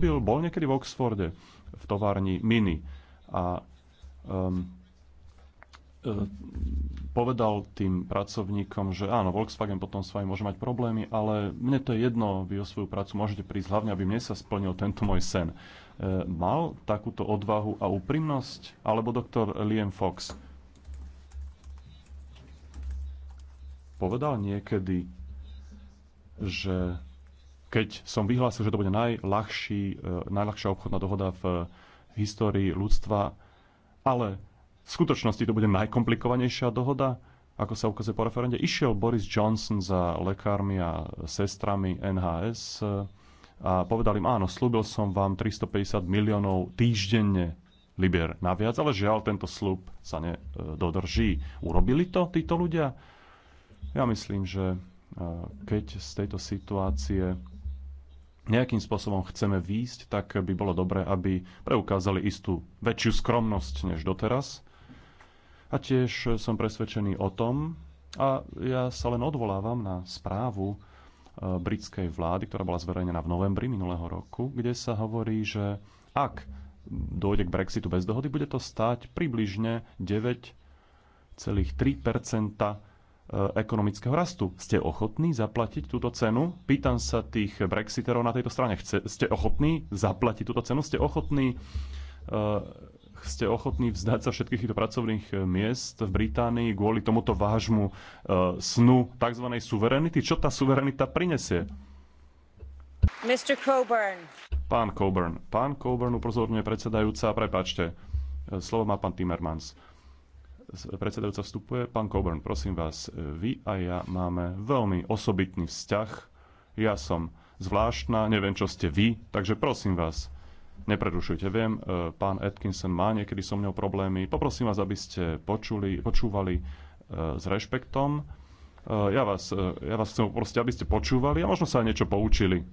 robil, bol niekedy v Oxforde v továrni Mini a um, e, povedal tým pracovníkom, že áno, Volkswagen potom s vami môže mať problémy, ale mne to je jedno, vy o svoju prácu môžete prísť, hlavne aby mne sa splnil tento môj sen. E, mal takúto odvahu a úprimnosť? Alebo doktor Liam Fox povedal niekedy, že keď som vyhlásil, že to bude najľahší, e, najľahšia obchodná dohoda v histórii ľudstva, ale v skutočnosti to bude najkomplikovanejšia dohoda, ako sa ukazuje po referende. Išiel Boris Johnson za lekármi a sestrami NHS e, a povedal im, áno, slúbil som vám 350 miliónov týždenne Liber naviac, ale žiaľ, tento slúb sa nedodrží. E, Urobili to títo ľudia? Ja myslím, že keď z tejto situácie nejakým spôsobom chceme výjsť, tak by bolo dobré, aby preukázali istú väčšiu skromnosť než doteraz. A tiež som presvedčený o tom, a ja sa len odvolávam na správu e, britskej vlády, ktorá bola zverejnená v novembri minulého roku, kde sa hovorí, že ak dôjde k Brexitu bez dohody, bude to stáť približne 9,3 ekonomického rastu. Ste ochotní zaplatiť túto cenu? Pýtam sa tých brexiterov na tejto strane. Chce, ste ochotní zaplatiť túto cenu? Ste ochotní uh, ste ochotní vzdať sa všetkých týchto pracovných eh, miest v Británii kvôli tomuto vážmu uh, eh, snu tzv. suverenity? Čo tá suverenita prinesie? Mr. Coburn. Pán Coburn. Pán Coburn upozorňuje predsedajúca, prepačte. Slovo má pán Timmermans predsedajúca vstupuje. Pán Coburn, prosím vás, vy a ja máme veľmi osobitný vzťah. Ja som zvláštna, neviem, čo ste vy, takže prosím vás, neprerušujte. Viem, e, pán Atkinson má niekedy so mnou problémy. Poprosím vás, aby ste počuli, počúvali e, s rešpektom. E, ja vás, ja vás chcem poprosiť, aby ste počúvali a možno sa aj niečo poučili.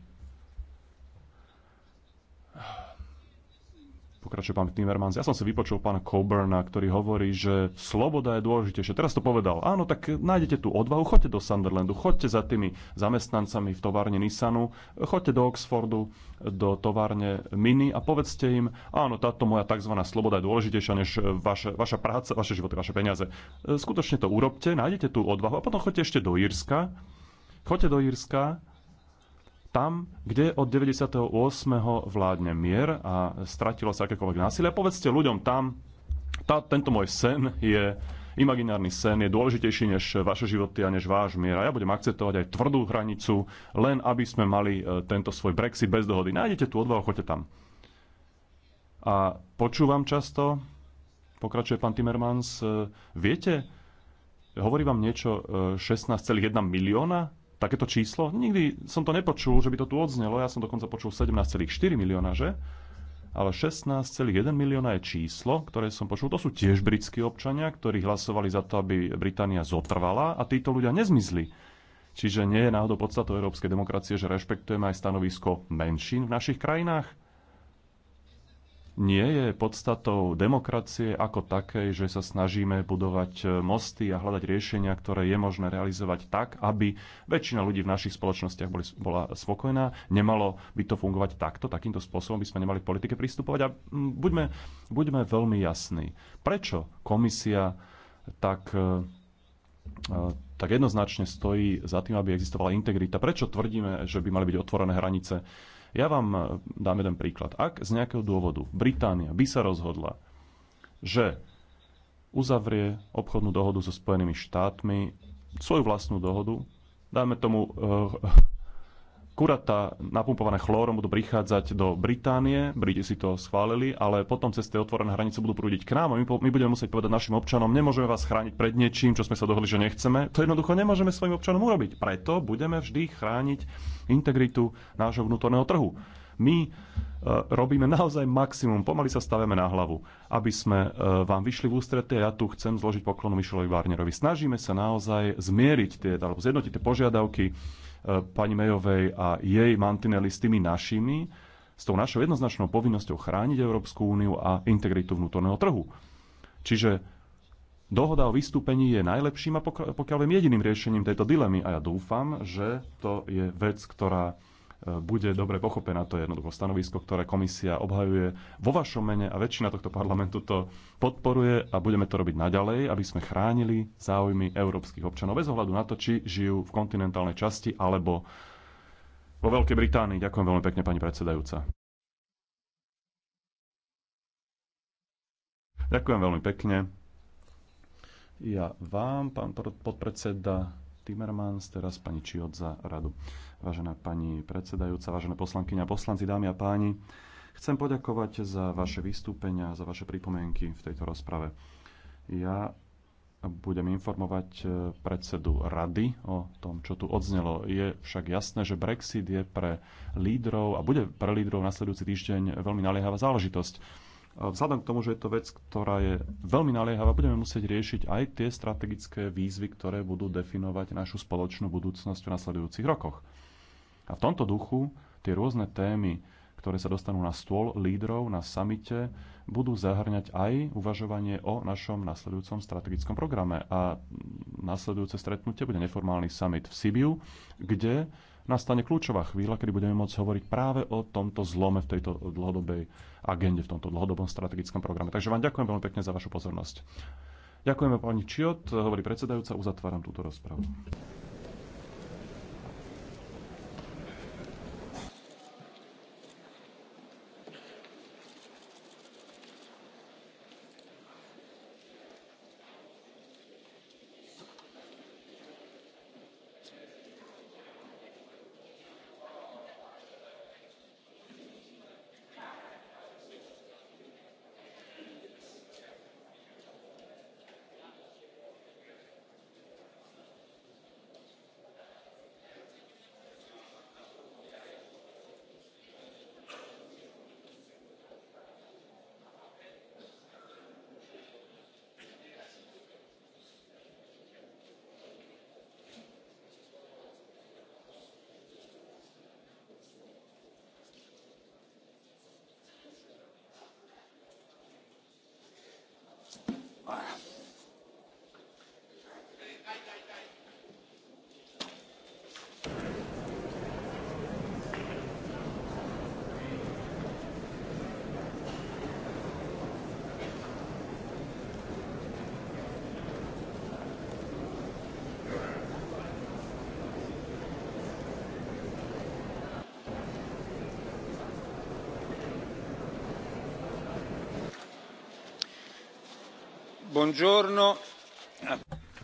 pokračuje pán Timmermans. Ja som si vypočul pána Coburna, ktorý hovorí, že sloboda je dôležitejšia. Teraz to povedal. Áno, tak nájdete tú odvahu, choďte do Sunderlandu, choďte za tými zamestnancami v továrne Nissanu, choďte do Oxfordu, do továrne Mini a povedzte im, áno, táto moja tzv. sloboda je dôležitejšia než vaše, vaša práca, vaše životy, vaše peniaze. Skutočne to urobte, nájdete tú odvahu a potom choďte ešte do Írska, choďte do Írska, tam, kde od 98. vládne mier a stratilo sa akékoľvek násilie. Povedzte ľuďom tam, tá, tento môj sen je imaginárny sen je dôležitejší než vaše životy a než váš mier. A ja budem akceptovať aj tvrdú hranicu, len aby sme mali e, tento svoj Brexit bez dohody. Nájdete tu odvahu, choďte tam. A počúvam často, pokračuje pán Timmermans, e, viete, hovorí vám niečo 16,1 e, milióna takéto číslo? Nikdy som to nepočul, že by to tu odznelo. Ja som dokonca počul 17,4 milióna, že? Ale 16,1 milióna je číslo, ktoré som počul. To sú tiež britskí občania, ktorí hlasovali za to, aby Británia zotrvala a títo ľudia nezmizli. Čiže nie je náhodou podstatou európskej demokracie, že rešpektujeme aj stanovisko menšín v našich krajinách? nie je podstatou demokracie ako takej, že sa snažíme budovať e, mosty a hľadať riešenia, ktoré je možné realizovať tak, aby väčšina ľudí v našich spoločnostiach boli, bola spokojná. Nemalo by to fungovať takto, takýmto spôsobom by sme nemali k politike pristupovať. A buďme, buďme veľmi jasní. Prečo komisia tak e, e, tak jednoznačne stojí za tým, aby existovala integrita. Prečo tvrdíme, že by mali byť otvorené hranice? Ja vám e, dám jeden príklad. Ak z nejakého dôvodu Británia by sa rozhodla, že uzavrie obchodnú dohodu so Spojenými štátmi, svoju vlastnú dohodu, dáme tomu e, kuratá napumpované chlórom budú prichádzať do Británie, Briti si to schválili, ale potom cez tie otvorené hranice budú prúdiť k nám a my, po, my budeme musieť povedať našim občanom, nemôžeme vás chrániť pred niečím, čo sme sa dohodli, že nechceme. To jednoducho nemôžeme svojim občanom urobiť. Preto budeme vždy chrániť integritu nášho vnútorného trhu. My e, robíme naozaj maximum, pomaly sa staveme na hlavu, aby sme e, vám vyšli v a Ja tu chcem zložiť poklonu Mišelovi Barnerovi. Snažíme sa naozaj zmieriť tie, alebo zjednotiť tie požiadavky pani Mejovej a jej mantinely s tými našimi, s tou našou jednoznačnou povinnosťou chrániť Európsku úniu a integritu vnútorného trhu. Čiže dohoda o vystúpení je najlepším a pokiaľ viem jediným riešením tejto dilemy a ja dúfam, že to je vec, ktorá bude dobre pochopená. To je jednoducho stanovisko, ktoré komisia obhajuje vo vašom mene a väčšina tohto parlamentu to podporuje a budeme to robiť naďalej, aby sme chránili záujmy európskych občanov bez ohľadu na to, či žijú v kontinentálnej časti alebo vo Veľkej Británii. Ďakujem veľmi pekne, pani predsedajúca. Ďakujem veľmi pekne. Ja vám, pán podpredseda Timmermans, teraz pani Čiot za radu vážená pani predsedajúca, vážené poslankyňa a poslanci, dámy a páni. Chcem poďakovať za vaše vystúpenia, za vaše pripomienky v tejto rozprave. Ja budem informovať e, predsedu rady o tom, čo tu odznelo. Je však jasné, že Brexit je pre lídrov a bude pre lídrov nasledujúci týždeň veľmi naliehavá záležitosť. Vzhľadom k tomu, že je to vec, ktorá je veľmi naliehavá, budeme musieť riešiť aj tie strategické výzvy, ktoré budú definovať našu spoločnú budúcnosť v nasledujúcich rokoch. A v tomto duchu tie rôzne témy, ktoré sa dostanú na stôl lídrov na samite, budú zahrňať aj uvažovanie o našom nasledujúcom strategickom programe. A nasledujúce stretnutie bude neformálny summit v Sibiu, kde nastane kľúčová chvíľa, kedy budeme môcť hovoriť práve o tomto zlome v tejto dlhodobej agende, v tomto dlhodobom strategickom programe. Takže vám ďakujem veľmi pekne za vašu pozornosť. Ďakujeme pani Čiot, hovorí predsedajúca, uzatváram túto rozpravu.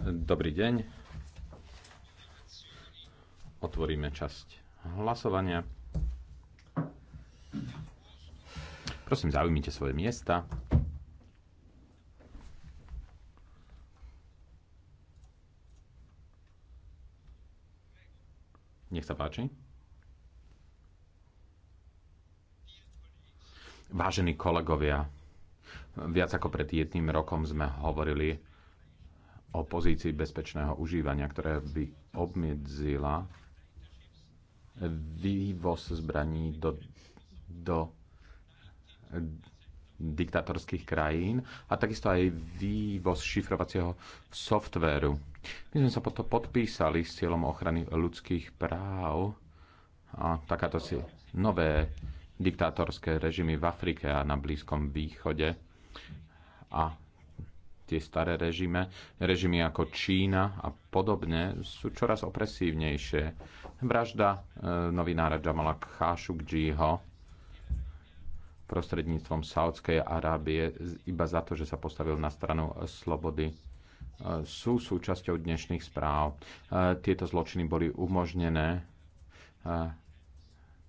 Dobrý deň. Otvoríme časť hlasovania. Prosím, zaujímite svoje miesta. Nech sa páči. Vážení kolegovia, Viac ako pred jedným rokom sme hovorili o pozícii bezpečného užívania, ktoré by obmedzila vývoz zbraní do, do diktatorských krajín a takisto aj vývoz šifrovacieho softvéru. My sme sa potom podpísali s cieľom ochrany ľudských práv a takáto si nové diktátorské režimy v Afrike a na Blízkom východe a tie staré režime, režimy ako Čína a podobne sú čoraz opresívnejšie. Vražda e, novinára Jamala Khashoggiho prostredníctvom Saudskej Arábie iba za to, že sa postavil na stranu slobody e, sú súčasťou dnešných správ. E, tieto zločiny boli umožnené e,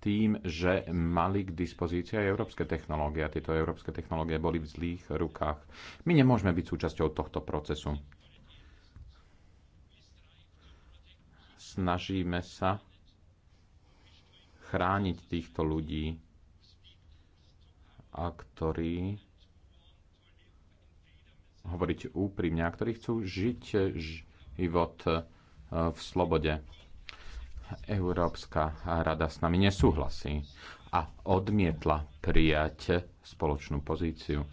tým, že mali k dispozícii aj európske technológie a tieto európske technológie boli v zlých rukách. My nemôžeme byť súčasťou tohto procesu. Snažíme sa chrániť týchto ľudí, a ktorí hovoriť úprimne a ktorí chcú žiť život eh, v slobode. Európska rada s nami nesúhlasí a odmietla prijať spoločnú pozíciu,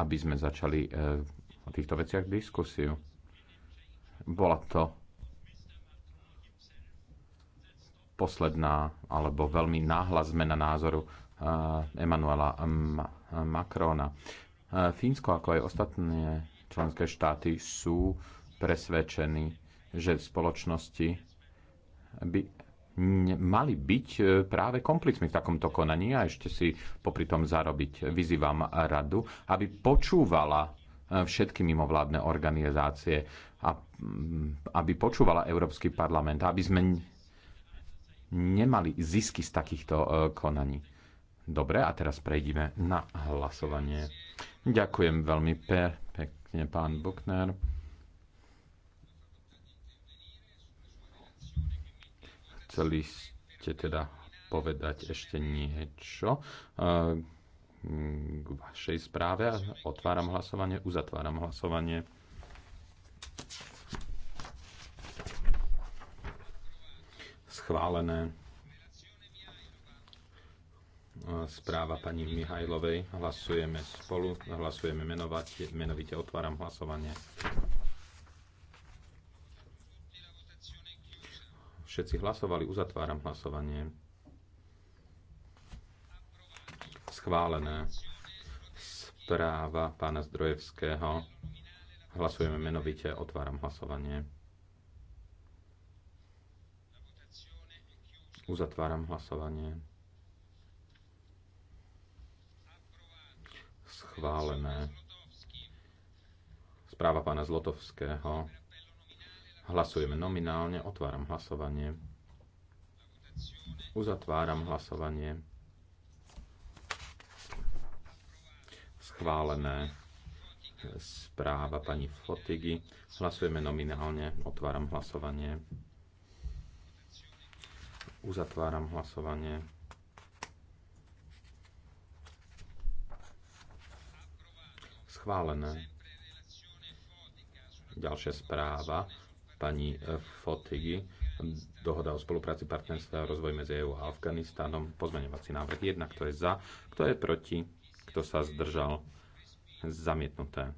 aby sme začali e, o týchto veciach diskusiu. Bola to posledná alebo veľmi náhla zmena názoru e, Emanuela Macrona. E, Fínsko, ako aj ostatné členské štáty, sú presvedčení, že v spoločnosti by mali byť e, práve komplicmi v takomto konaní a ešte si popri tom zarobiť. Vyzývam radu, aby počúvala e, všetky mimovládne organizácie a mm, aby počúvala Európsky parlament, aby sme nemali zisky z takýchto e, konaní. Dobre, a teraz prejdime na hlasovanie. Ďakujem veľmi pekne, pán Buchner. Chceli ste teda povedať ešte niečo eh, k vašej správe. Otváram hlasovanie, uzatváram hlasovanie. Schválené. Správa pani Mihajlovej. Hlasujeme spolu, hlasujeme menovate, menovite, otváram hlasovanie. Všetci hlasovali, uzatváram hlasovanie. Schválené. Správa pána Zdrojevského. Hlasujeme menovite, otváram hlasovanie. Uzatváram hlasovanie. Schválené. Správa pána Zlotovského Hlasujeme nominálne, otváram hlasovanie. Uzatváram hlasovanie. Schválené správa pani Fotigy. Hlasujeme nominálne, otváram hlasovanie. Uzatváram hlasovanie. Schválené. Ďalšia správa pani eh, Fotigi, dohoda o spolupráci partnerstva a rozvoj medzi EU a Afganistánom, pozmeňovací návrh 1, kto je za, kto je proti, kto sa zdržal, zamietnuté.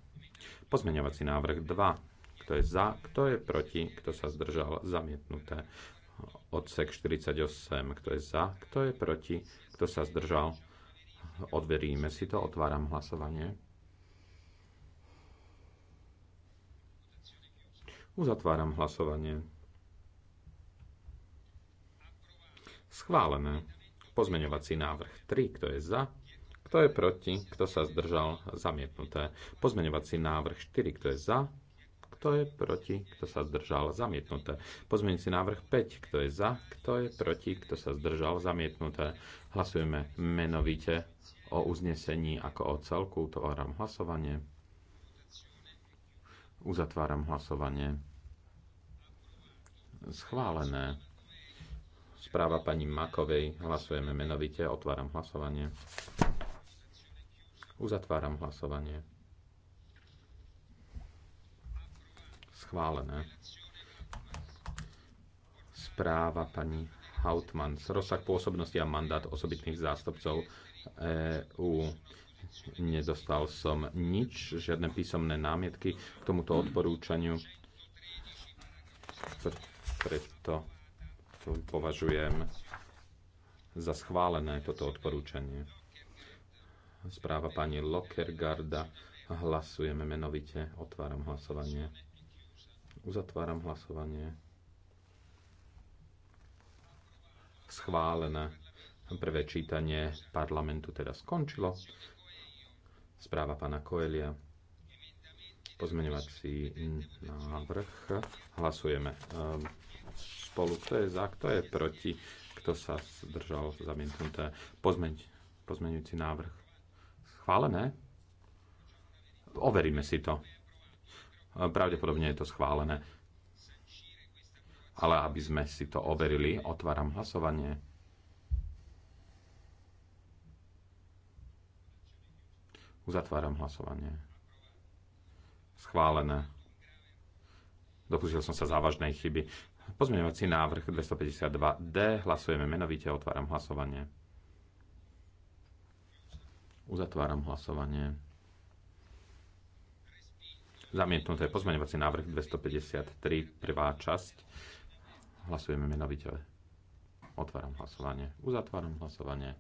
Pozmeňovací návrh 2, kto je za, kto je proti, kto sa zdržal, zamietnuté. Odsek 48, kto je za, kto je proti, kto sa zdržal, odveríme si to, otváram hlasovanie. Uzatváram hlasovanie. Schválené. Pozmeňovací návrh 3, kto je za, kto je proti, kto sa zdržal, zamietnuté. Pozmeňovací návrh 4, kto je za, kto je proti, kto sa zdržal, zamietnuté. si návrh 5, kto je za, kto je proti, kto sa zdržal, zamietnuté. Hlasujeme menovite o uznesení ako o celku. Otváram hlasovanie. Uzatváram hlasovanie. Schválené. Správa pani Makovej. Hlasujeme menovite. Otváram hlasovanie. Uzatváram hlasovanie. Schválené. Správa pani Hautmann. Rozsah pôsobnosti a mandát osobitných zástupcov EU. Nezostal som nič, žiadne písomné námietky k tomuto odporúčaniu. Preto to považujem za schválené toto odporúčanie. Správa pani Lockergarda. Hlasujeme menovite. Otváram hlasovanie. Uzatváram hlasovanie. Schválené. Prvé čítanie parlamentu teda skončilo správa pána Koelia, pozmeňovací návrh. Hlasujeme eh, spolu, kto je za, kto je proti, kto sa zdržal zamietnuté. Pozmeň, pozmeňujúci návrh. Schválené? Overíme si to. Eh, pravdepodobne je to schválené. Ale aby sme si to overili, otváram hlasovanie. Uzatváram hlasovanie. Schválené. Dopustil som sa závažnej chyby. Pozmeňovací návrh 252D. Hlasujeme menovite. Otváram hlasovanie. Uzatváram hlasovanie. Zamietnuté pozmeňovací návrh 253, prvá časť. Hlasujeme menovite. Otváram hlasovanie. Uzatváram hlasovanie.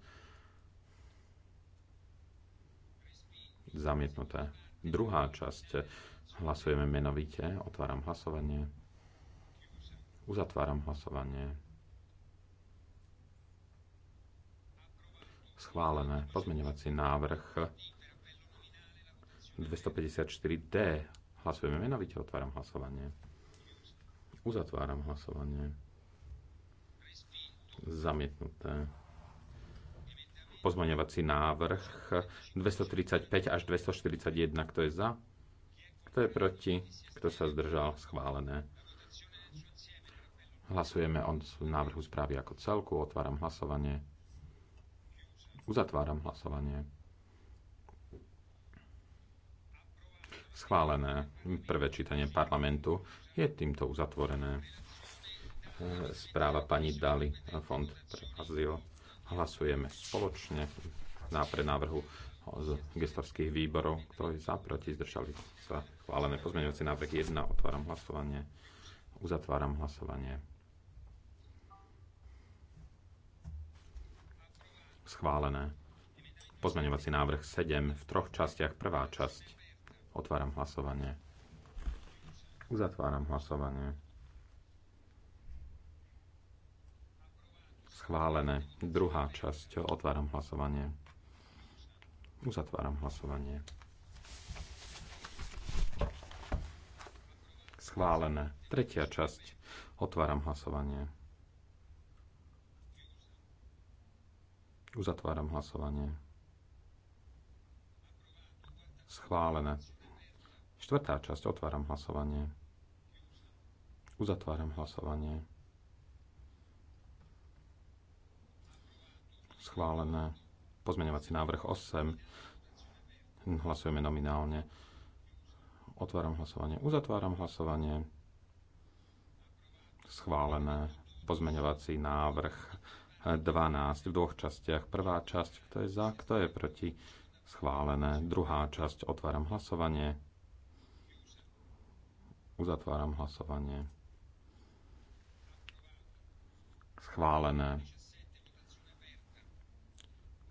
zamietnuté. Druhá časť. Eh, hlasujeme menovite. Otváram hlasovanie. Uzatváram hlasovanie. Schválené. Pozmeňovací návrh 254D. Hlasujeme menovite. Otváram hlasovanie. Uzatváram hlasovanie. Zamietnuté Pozmaňovací návrh 235 až 241. Kto je za? Kto je proti? Kto sa zdržal? Schválené. Hlasujeme o návrhu správy ako celku. Otváram hlasovanie. Uzatváram hlasovanie. Schválené prvé čítanie parlamentu je týmto uzatvorené. Správa pani Dali, Fond pre azyl. Hlasujeme spoločne na prenávrhu z gestorských výborov, ktorí za, proti, zdržali sa schválené pozmeňujúci návrh 1. Otváram hlasovanie. Uzatváram hlasovanie. Schválené. Pozmeňovací návrh 7 v troch častiach. Prvá časť. Otváram hlasovanie. Uzatváram hlasovanie. schválené. Druhá časť, otváram hlasovanie. Uzatváram hlasovanie. Schválené. Tretia časť, otváram hlasovanie. Uzatváram hlasovanie. Schválené. Štvrtá časť, otváram hlasovanie. Uzatváram hlasovanie. schválené. Pozmeňovací návrh 8. Hlasujeme nominálne. Otváram hlasovanie. Uzatváram hlasovanie. Schválené. Pozmeňovací návrh 12 v dvoch častiach. Prvá časť, kto je za, kto je proti. Schválené. Druhá časť. Otváram hlasovanie. Uzatváram hlasovanie. Schválené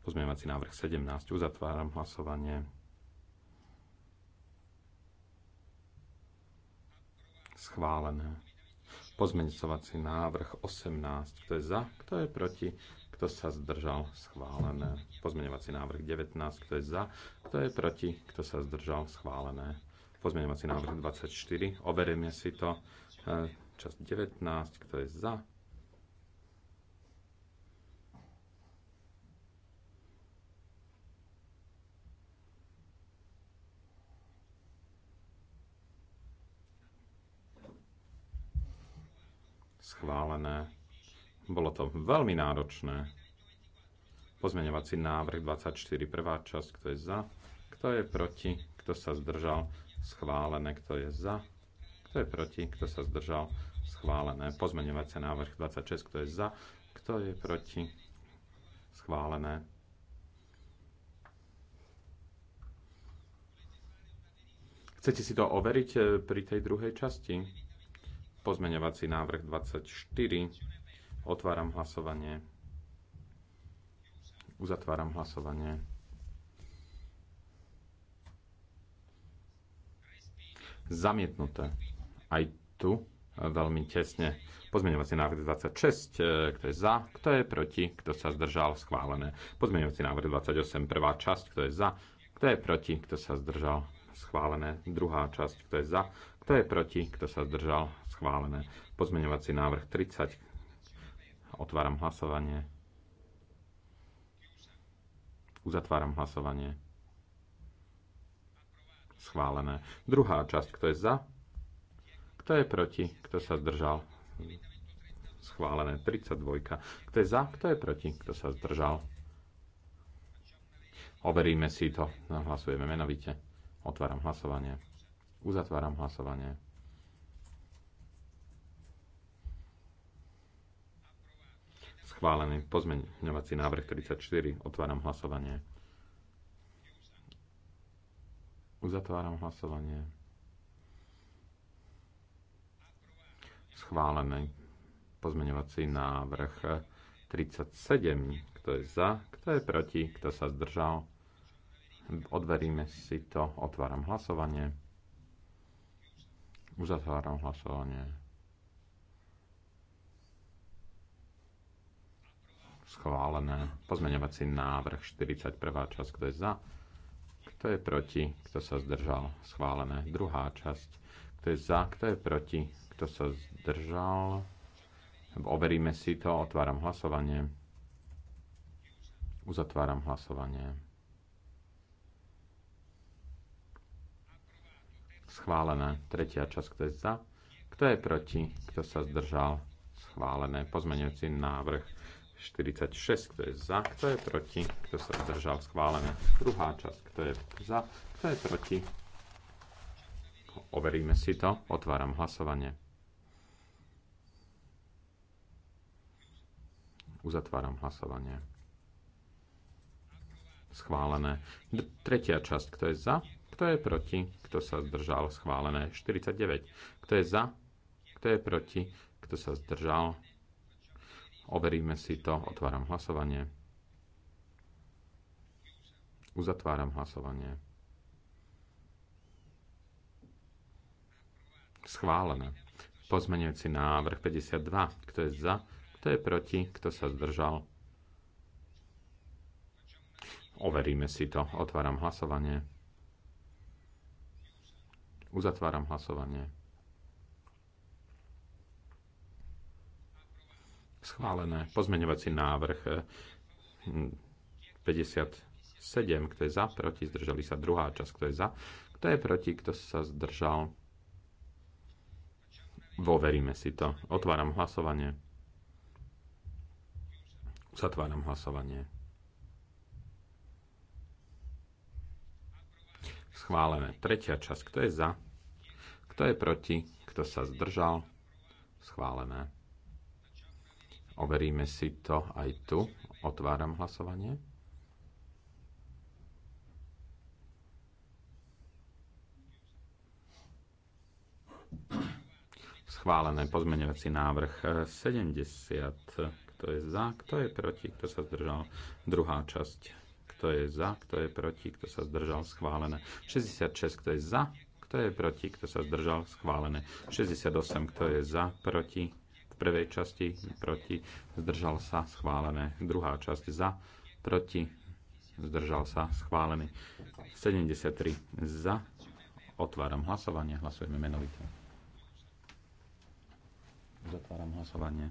Pozmeňovací návrh 17. Uzatváram hlasovanie. Schválené. Pozmeňovací návrh 18. Kto je za, kto je proti, kto sa zdržal, schválené. Pozmeňovací návrh 19. Kto je za, kto je proti, kto sa zdržal, schválené. Pozmeňovací návrh 24. Overíme si to. E, časť 19. Kto je za, schválené. Bolo to veľmi náročné. Pozmeňovací návrh 24, prvá časť, kto je za, kto je proti, kto sa zdržal, schválené, kto je za, kto je proti, kto sa zdržal, schválené. Pozmeňovací návrh 26, kto je za, kto je proti, schválené. Chcete si to overiť eh, pri tej druhej časti? Pozmeňovací návrh 24. Otváram hlasovanie. Uzatváram hlasovanie. Zamietnuté. Aj tu e, veľmi tesne. Pozmeňovací návrh 26, e, kto je za, kto je proti, kto sa zdržal, schválené. Pozmeňovací návrh 28, prvá časť, kto je za, kto je proti, kto sa zdržal, schválené. Druhá časť, kto je za, kto je proti, kto sa zdržal, schválené. Pozmeňovací návrh 30. Otváram hlasovanie. Uzatváram hlasovanie. Schválené. Druhá časť. Kto je za? Kto je proti? Kto sa zdržal? Schválené. 32. Kto je za? Kto je proti? Kto sa zdržal? Overíme si to. Hlasujeme menovite. Otváram hlasovanie. Uzatváram hlasovanie. Schválený pozmeňovací návrh 34. Otváram hlasovanie. Uzatváram hlasovanie. Schválený pozmeňovací návrh 37. Kto je za, kto je proti, kto sa zdržal. Odveríme si to. Otváram hlasovanie. Uzatváram hlasovanie. schválené. Pozmeňovací návrh 41. časť, kto je za, kto je proti, kto sa zdržal, schválené. Druhá časť, kto je za, kto je proti, kto sa zdržal. Overíme si to, otváram hlasovanie. Uzatváram hlasovanie. Schválené. Tretia časť, kto je za, kto je proti, kto sa zdržal. Schválené. Pozmeňujúci návrh 46, kto je za, kto je proti, kto sa zdržal schválené. Druhá časť, kto je za, kto je proti. Overíme si to, otváram hlasovanie. Uzatváram hlasovanie. Schválené. D tretia časť, kto je za, kto je proti, kto sa zdržal schválené. 49, kto je za, kto je proti, kto sa zdržal Overíme si to. Otváram hlasovanie. Uzatváram hlasovanie. Schválené. Pozmenujúci návrh 52. Kto je za? Kto je proti? Kto sa zdržal? Overíme si to. Otváram hlasovanie. Uzatváram hlasovanie. Schválené. Pozmeňovací návrh 57. Eh, hm, Kto je za? Proti? Zdržali sa. Druhá časť. Kto je za? Kto je proti? Kto sa zdržal? Voveríme si to. Otváram hlasovanie. Zatváram hlasovanie. Schválené. Tretia časť. Kto je za? Kto je proti? Kto sa zdržal? Schválené. Overíme si to aj tu. Otváram hlasovanie. Schválené pozmeňovací návrh 70 kto je za, kto je proti, kto sa zdržal. Druhá časť, kto je za, kto je proti, kto sa zdržal, schválené. 66, kto je za, kto je proti, kto sa zdržal, schválené. 68, kto je za, proti, prvej časti, proti, zdržal sa, schválené. Druhá časť za, proti, zdržal sa, schválený. 73 za, otváram hlasovanie, hlasujeme menovite. Zatváram hlasovanie.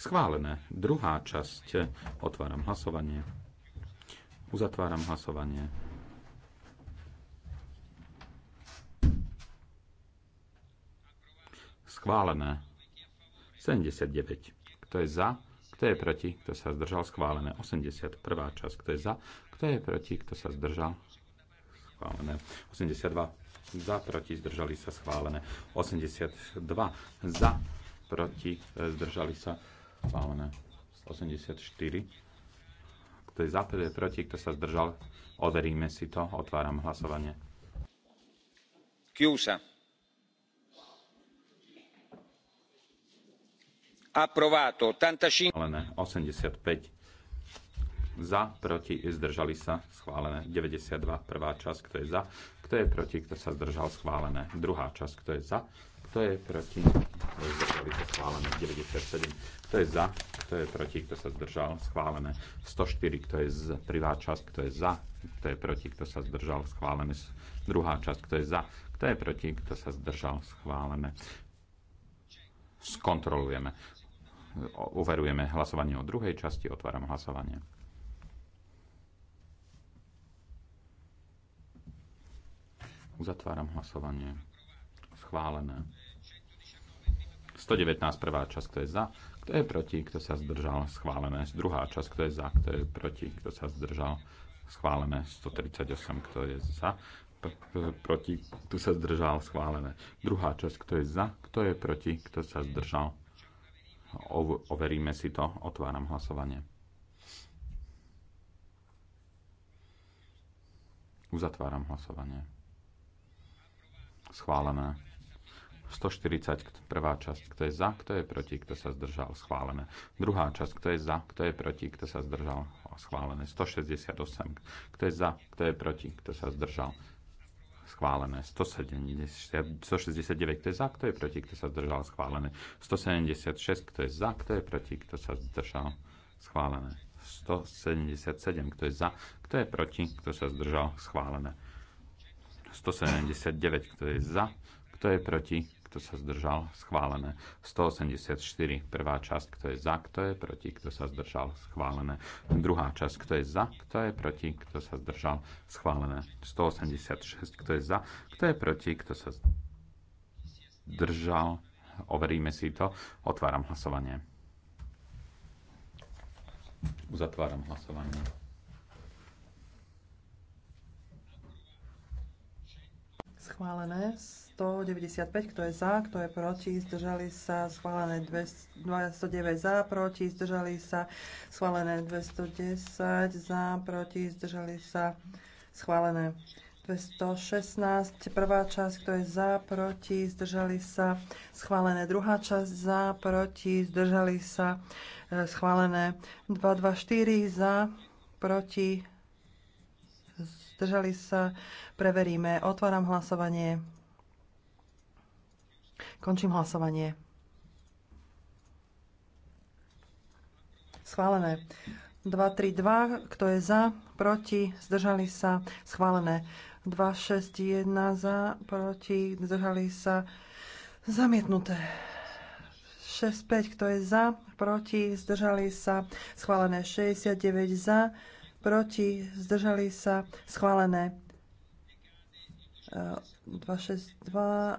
Schválené. Druhá časť. Otváram hlasovanie. Uzatváram hlasovanie. Schválené. 79. Kto je za? Kto je proti? Kto sa zdržal? Schválené. 81. časť. Kto je za? Kto je proti? Kto sa zdržal? Schválené. 82. Za, proti, zdržali sa. Schválené. 82. Za, proti, zdržali sa. Schválené. 84. Kto je za, kto je proti, kto sa zdržal? Overíme si to. Otváram hlasovanie. Kiusa. Approvato. 85. 85 za, proti, zdržali sa, schválené. 92, prvá časť, kto je za, kto je proti, kto sa zdržal, schválené. Druhá časť, kto je za, kto je proti, kto je zdržali sa, schválené. 97, kto je za, kto je proti, kto sa zdržal, schválené. 104, kto je z, prvá časť, kto je za, kto je proti, kto sa zdržal, schválené. Druhá časť, kto je za, kto je proti, kto sa zdržal, schválené. Skontrolujeme overujeme hlasovanie o druhej časti. Otváram hlasovanie. Uzatváram hlasovanie. Schválené. 119. prvá časť, kto je za, kto je proti, kto sa zdržal, schválené. Druhá časť, kto je za, kto je proti, kto sa zdržal, schválené. 138, kto je za, proti, kto sa zdržal, schválené. Druhá časť, kto je za, kto je proti, kto sa zdržal, overíme si to. Otváram hlasovanie. Uzatváram hlasovanie. Schválené. 140, prvá časť, kto je za, kto je proti, kto sa zdržal, schválené. Druhá časť, kto je za, kto je proti, kto sa zdržal, schválené. 168, kto je za, kto je proti, kto sa zdržal, schválené. 170, 169, kto je za, kto je proti, kto sa zdržal, schválené. 176, kto je za, kto je proti, kto sa zdržal, schválené. 177, kto je za, kto je proti, kto sa zdržal, schválené. 179, kto je za, kto je proti, kto sa zdržal, schválené. 184, prvá časť, kto je za, kto je proti, kto sa zdržal, schválené. Druhá časť, kto je za, kto je proti, kto sa zdržal, schválené. 186, kto je za, kto je proti, kto sa zdržal, overíme si to. Otváram hlasovanie. Uzatváram hlasovanie. Schválené. 195, kto je za, kto je proti, zdržali sa, schválené 209 za, proti, zdržali sa, schválené 210 za, proti, zdržali sa, schválené 216, prvá časť, kto je za, proti, zdržali sa, schválené druhá časť, za, proti, zdržali sa, e, schválené 224 za, proti, zdržali sa, preveríme, otváram hlasovanie. Končím hlasovanie. Schválené. 232, kto je za, proti, zdržali sa, schválené. 261 za, proti, zdržali sa, zamietnuté. 6, 5, kto je za, proti, zdržali sa, schválené. 69 za, proti, zdržali sa, schválené. 262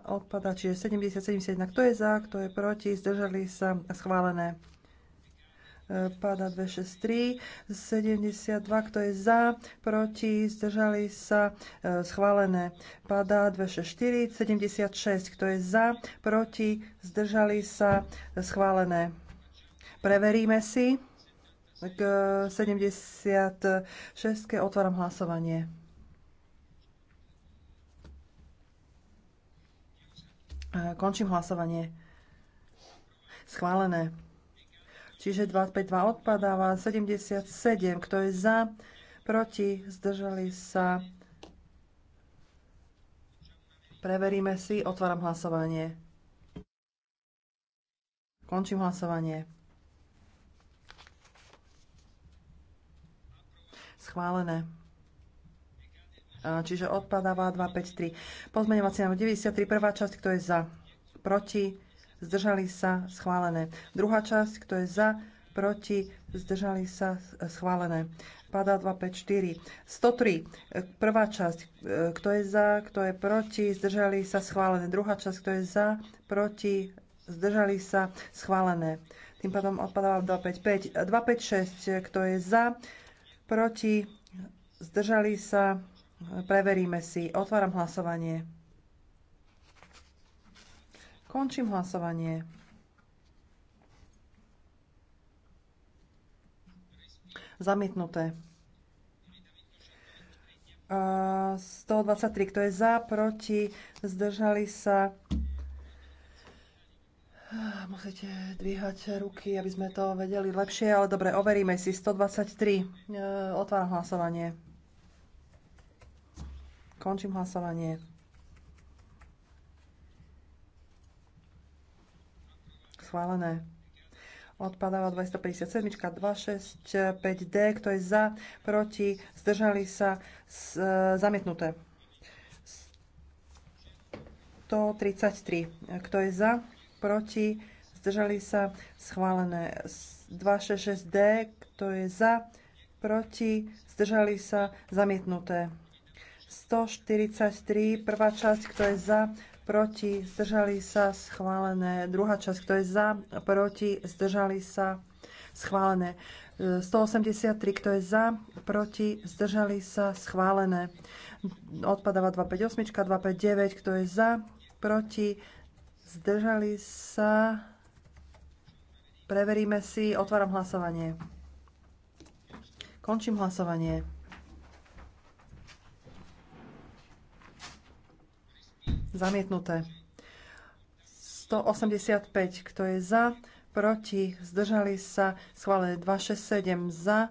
odpada, čiže 70-71. Kto je za, kto je proti, zdržali sa a schválené. Pada 263, 72, kto je za, proti, zdržali sa, e, schválené. Pada 264, 76, kto je za, proti, zdržali sa, e, schválené. Preveríme si. K 76. otváram hlasovanie. Končím hlasovanie. Schválené. Čiže 252 odpadáva. 77. Kto je za? Proti? Zdržali sa? Preveríme si. Otváram hlasovanie. Končím hlasovanie. Schválené. Čiže odpadáva 253. Pozmeňovací návrh 93, prvá časť, kto je za, proti, zdržali sa, schválené. Druhá časť, kto je za, proti, zdržali sa, schválené. Padá 4. 103. Prvá časť, e, kto je za, kto je proti, zdržali sa, schválené. Druhá časť, kto je za, proti, zdržali sa, schválené. Tým pádom odpadáva 5, 256, kto je za, proti, zdržali sa, Preveríme si. Otváram hlasovanie. Končím hlasovanie. Zamietnuté. 123, kto je za, proti, zdržali sa. Musíte dvíhať ruky, aby sme to vedeli lepšie, ale dobre, overíme si. 123. Otváram hlasovanie. Končím hlasovanie. Schválené. Odpadáva 257, 265D, kto je za, proti, zdržali sa, s, e, zamietnuté. 133, kto je za, proti, zdržali sa, schválené. 266D, kto je za, proti, zdržali sa, zamietnuté. 143, prvá časť, kto je za, proti, zdržali sa, schválené. Druhá časť, kto je za, proti, zdržali sa, schválené. 183, kto je za, proti, zdržali sa, schválené. Odpadáva 258, 259, kto je za, proti, zdržali sa. Preveríme si, otváram hlasovanie. Končím hlasovanie. Zamietnuté. 185, kto je za, proti, zdržali sa, schválené 267 za,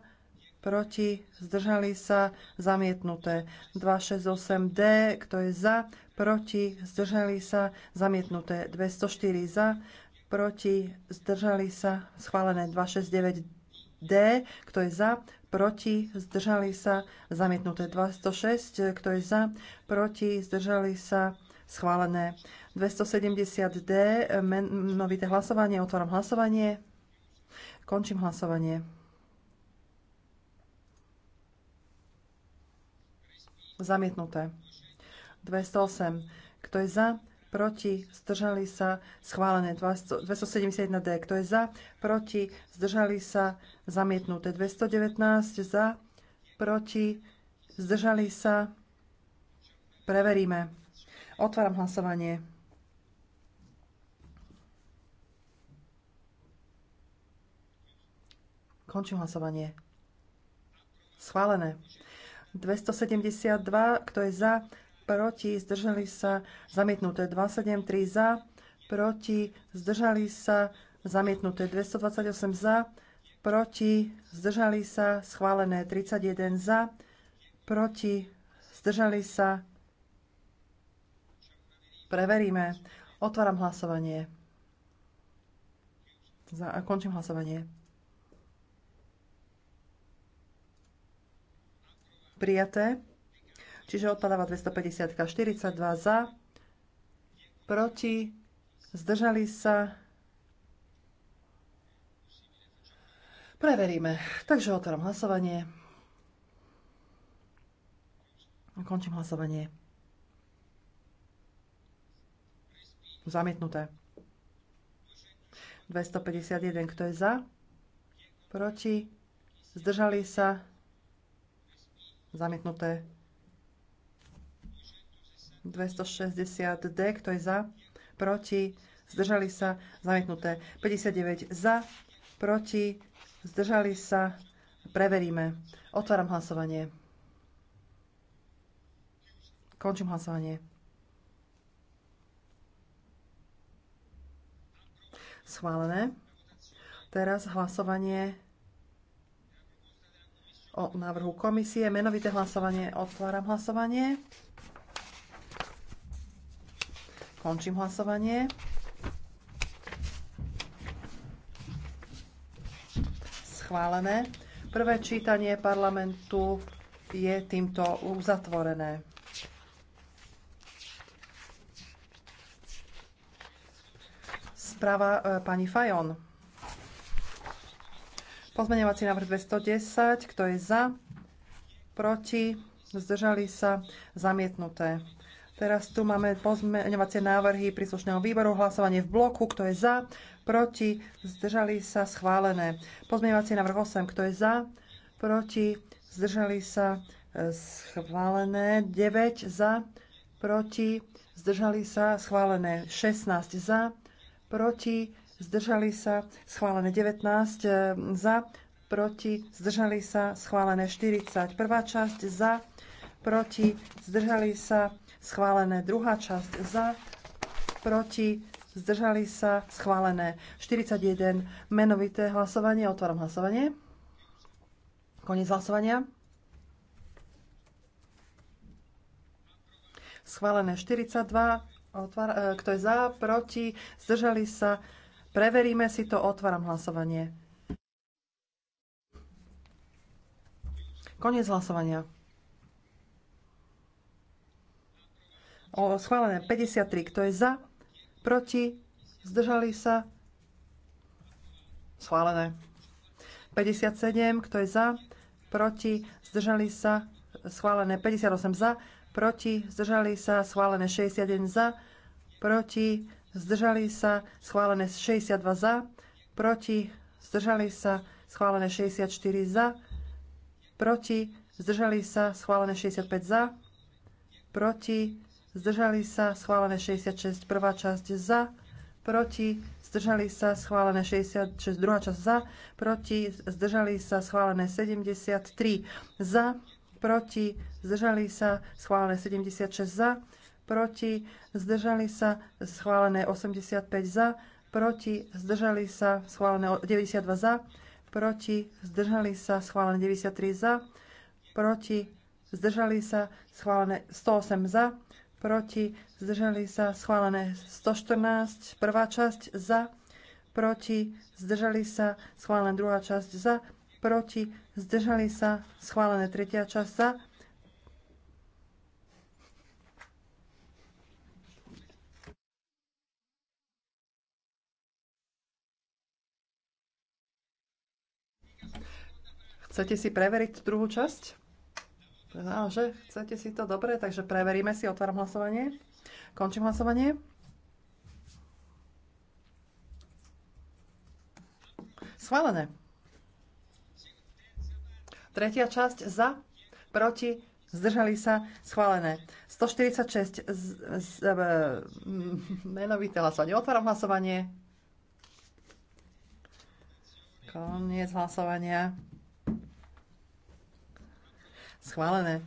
proti, zdržali sa, zamietnuté. 268D, kto je za, proti, zdržali sa, zamietnuté. 204 za, proti, zdržali sa, schválené 269D, kto je za, proti, zdržali sa, zamietnuté 206, kto je za, proti, zdržali sa, schválené. 270D, menovité hlasovanie, otváram hlasovanie, končím hlasovanie. Zamietnuté. 208. Kto je za? Proti? Zdržali sa? Schválené. 271D. Kto je za? Proti? Zdržali sa? Zamietnuté. 219. Za? Proti? Zdržali sa? Preveríme. Otváram hlasovanie. Končím hlasovanie. Schválené. 272, kto je za, proti, zdržali sa, zamietnuté. 273 za, proti, zdržali sa, zamietnuté. 228 za, proti, zdržali sa, schválené. 31 za, proti, zdržali sa, Preveríme. Otváram hlasovanie. Za, končím hlasovanie. Prijaté. Čiže odpadáva 250, 42 za, proti, zdržali sa. Preveríme. Takže otváram hlasovanie. Končím hlasovanie. Zamietnuté. 251. Kto je za? Proti? Zdržali sa? Zamietnuté. 260D. Kto je za? Proti? Zdržali sa? Zamietnuté. 59. Za? Proti? Zdržali sa? Preveríme. Otváram hlasovanie. Končím hlasovanie. Schválené. Teraz hlasovanie o návrhu komisie. Menovité hlasovanie. Otváram hlasovanie. Končím hlasovanie. Schválené. Prvé čítanie parlamentu je týmto uzatvorené. Správa e, pani Fajon. Pozmeňovací návrh 210. Kto je za? Proti? Zdržali sa? Zamietnuté. Teraz tu máme pozmeňovacie návrhy príslušného výboru, hlasovanie v bloku, kto je za, proti, zdržali sa, schválené. Pozmeňovací návrh 8, kto je za, proti, zdržali sa, e, schválené. 9 za, proti, zdržali sa, schválené. 16 za, proti, zdržali sa, schválené 19 e, za, proti, zdržali sa, schválené 40. Prvá časť za, proti, zdržali sa, schválené druhá časť za, proti, zdržali sa, schválené 41. Menovité hlasovanie, otváram hlasovanie. Koniec hlasovania. Schválené 42, Otvára, e, kto je za, proti, zdržali sa. Preveríme si to, otváram hlasovanie. Koniec hlasovania. O, schválené 53. Kto je za? Proti? Zdržali sa? Schválené. 57. Kto je za? Proti? Zdržali sa? Schválené. 58 za proti, zdržali sa, schválené 61 za, proti, zdržali sa, schválené 62 za, proti, zdržali sa, schválené 64 za, proti, zdržali sa, schválené 65 za, proti, zdržali sa, schválené 66, prvá časť za, proti, zdržali sa, schválené 66, druhá časť za, proti, zdržali sa, schválené 73 za, proti, zdržali sa, schválené 76 za, proti, zdržali sa, schválené 85 za, proti, zdržali sa, schválené 92 za, proti, zdržali sa, schválené 93 za, proti, zdržali sa, schválené 108 za, proti, zdržali sa, schválené 114, prvá časť za, proti, zdržali sa, schválené druhá časť za, proti, zdržali sa, schválené tretia časť Chcete si preveriť druhú časť? No, že chcete si to dobre, takže preveríme si, otváram hlasovanie. Končím hlasovanie. Schválené. Tretia časť za, proti, zdržali sa, schválené. 146 z, z, e, menovité hlasovanie. Otváram hlasovanie. Koniec hlasovania. Schválené.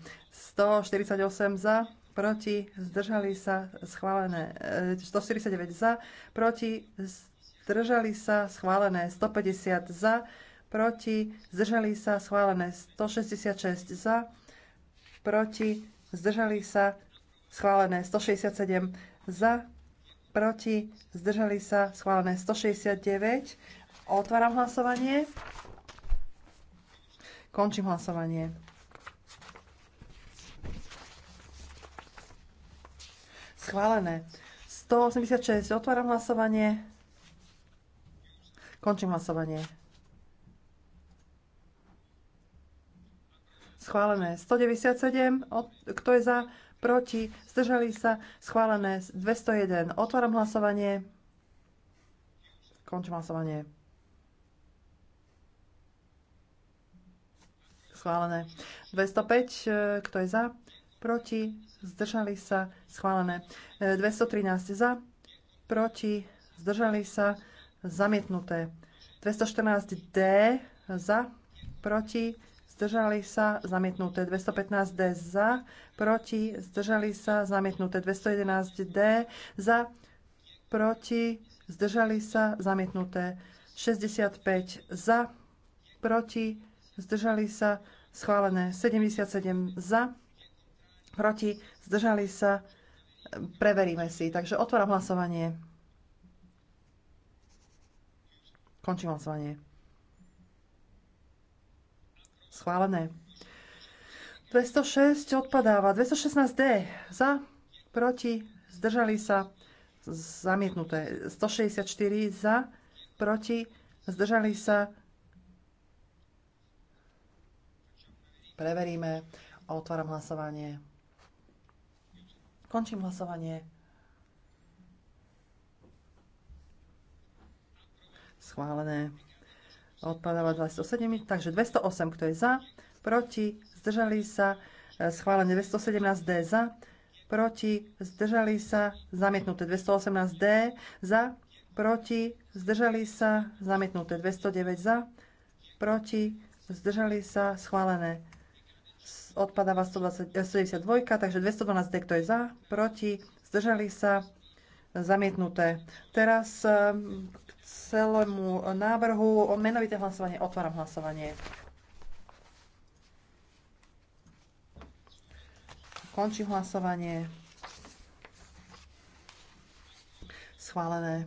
148 za, proti, zdržali sa, schválené. 149 e, za, proti, zdržali sa, schválené. 150 za, proti, zdržali sa, schválené 166 za, proti, zdržali sa, schválené 167 za, proti, zdržali sa, schválené 169. Otváram hlasovanie. Končím hlasovanie. Schválené. 186. Otváram hlasovanie. Končím hlasovanie. schválené 197, kto je za, proti, zdržali sa, schválené 201. Otváram hlasovanie. Končím hlasovanie. Schválené. 205, e, kto je za, proti, zdržali sa, schválené. 213 e, za, proti, zdržali sa, zamietnuté. 214D za, proti, zdržali sa, zamietnuté 215D za, proti, zdržali sa, zamietnuté 211D za, proti, zdržali sa, zamietnuté 65 za, proti, zdržali sa, schválené 77 za, proti, zdržali sa, preveríme si. Takže otváram hlasovanie. Končím hlasovanie. Schválené. 206 odpadáva. 216D za, proti, zdržali sa, zamietnuté. 164 za, proti, zdržali sa. Preveríme. Otváram hlasovanie. Končím hlasovanie. Schválené. Odpadáva 207. Takže 208, kto je za, proti, zdržali sa. E, schválené 217D za, proti, zdržali sa. Zamietnuté 218D za, proti, zdržali sa. Zamietnuté 209 za, proti, zdržali sa. Schválené odpadáva 172, e, takže 212D, kto je za, proti, zdržali sa, zamietnuté. Teraz e, celému návrhu. menovité hlasovanie otváram hlasovanie. Končím hlasovanie. Schválené.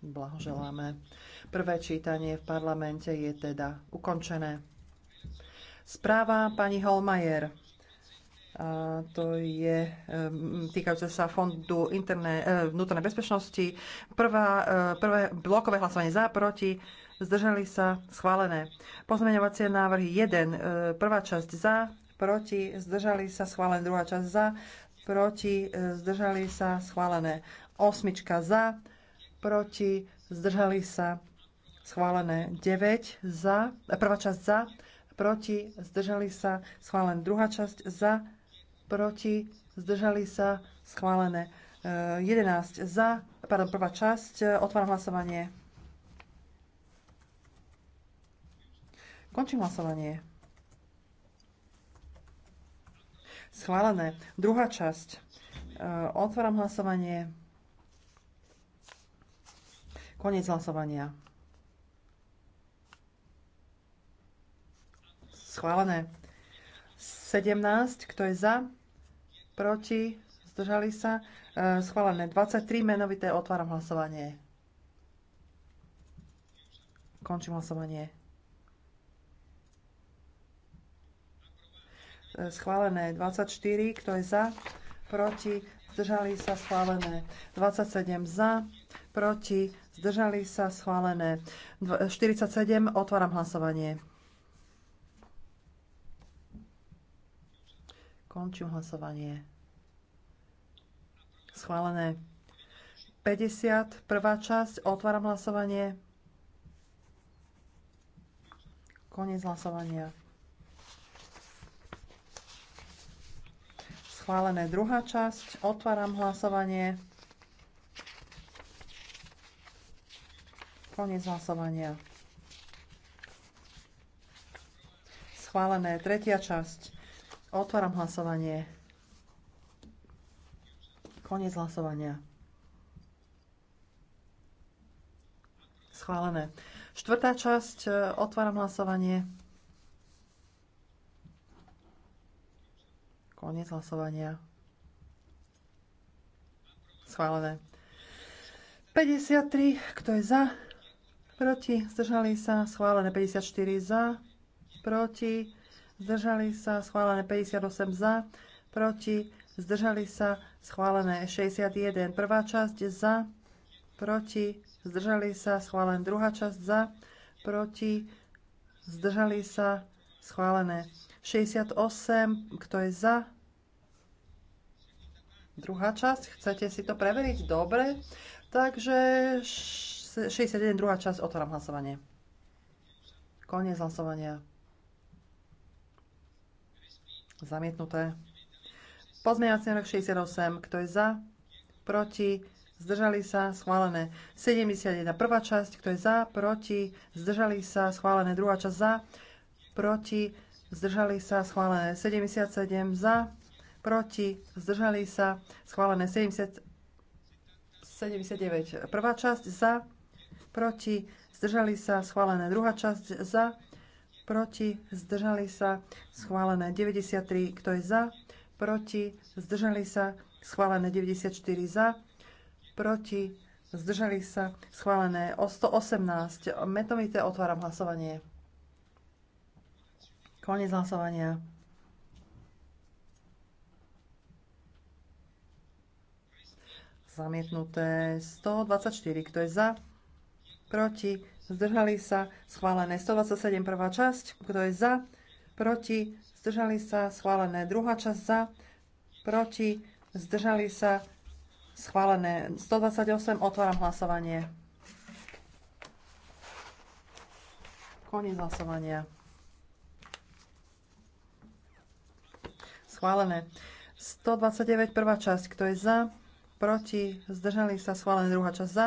Blahoželáme. Prvé čítanie v parlamente je teda ukončené. Správa pani Holmajer to je mm, týkajúce sa fondu interné, e, vnútornej bezpečnosti. Prvá, e, prvé blokové hlasovanie za, proti, zdržali sa, schválené. Pozmeňovacie návrhy 1, e, prvá časť za, proti, zdržali sa, schválené, druhá časť za, proti, zdržali sa, schválené. Osmička za, proti, zdržali sa, schválené. 9 za, prvá časť za, proti, zdržali sa, schválené. Druhá časť za, proti, zdržali sa, schválené. 11 eh, za, pardon, prvá časť, eh, otváram hlasovanie. Končím hlasovanie. Schválené. Druhá časť. Eh, otváram hlasovanie. Koniec hlasovania. Schválené. 17. Kto je za? proti, zdržali sa, e, schválené 23, menovité, otváram hlasovanie. Končím hlasovanie. E, schválené 24, kto je za, proti, zdržali sa, schválené 27 za, proti, zdržali sa, schválené 47, otváram hlasovanie. Končím hlasovanie. Schválené. 50. Prvá časť. Otváram hlasovanie. Koniec hlasovania. Schválené druhá časť. Otváram hlasovanie. Koniec hlasovania. Schválené tretia časť. Otváram hlasovanie. Koniec hlasovania. Schválené. Štvrtá časť. E, otváram hlasovanie. Koniec hlasovania. Schválené. 53. Kto je za? Proti. Zdržali sa. Schválené. 54 za. Proti zdržali sa, schválené 58 za, proti, zdržali sa, schválené 61. Prvá časť za, proti, zdržali sa, schválené druhá časť za, proti, zdržali sa, schválené 68. Kto je za? Druhá časť, chcete si to preveriť? Dobre. Takže 61. druhá časť, otváram hlasovanie. Koniec hlasovania. Zamietnuté. Pozmeňovací rok 68. Kto je za? Proti? Zdržali sa? Schválené. 71. Prvá časť. Kto je za? Proti? Zdržali sa? Schválené. Druhá časť za? Proti? Zdržali sa? Schválené. 77. Za? Proti? Zdržali sa? Schválené. 70, 79. Prvá časť za? Proti? Zdržali sa? Schválené. Druhá časť za? proti, zdržali sa, schválené 93, kto je za, proti, zdržali sa, schválené 94 za, proti, zdržali sa, schválené o 118, Metovité otváram hlasovanie. Koniec hlasovania. Zamietnuté 124, kto je za, proti, zdržali sa, schválené 127 prvá časť, kto je za, proti, zdržali sa, schválené druhá časť za, proti, zdržali sa, schválené 128, otváram hlasovanie. Koniec hlasovania. Schválené. 129, prvá časť, kto je za, proti, zdržali sa, schválené druhá časť za,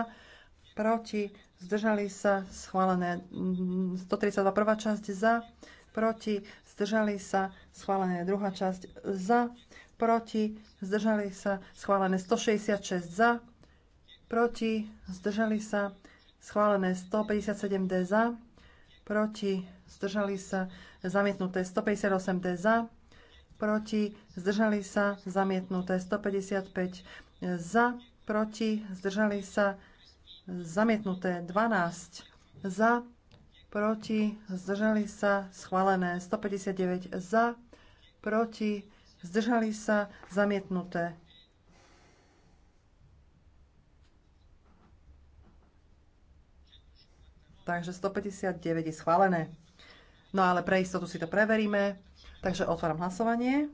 proti, zdržali sa, schválené 132 prvá časť za, proti, zdržali sa, schválené druhá časť za, proti, zdržali sa, schválené 166 za, proti, zdržali sa, schválené 157D za, proti, zdržali sa, zamietnuté 158D za, proti, zdržali sa, zamietnuté 155 za, proti, zdržali sa, zamietnuté 12 za, proti, zdržali sa, schválené 159 za, proti, zdržali sa, zamietnuté. Takže 159 je schválené. No ale pre istotu si to preveríme. Takže otváram hlasovanie.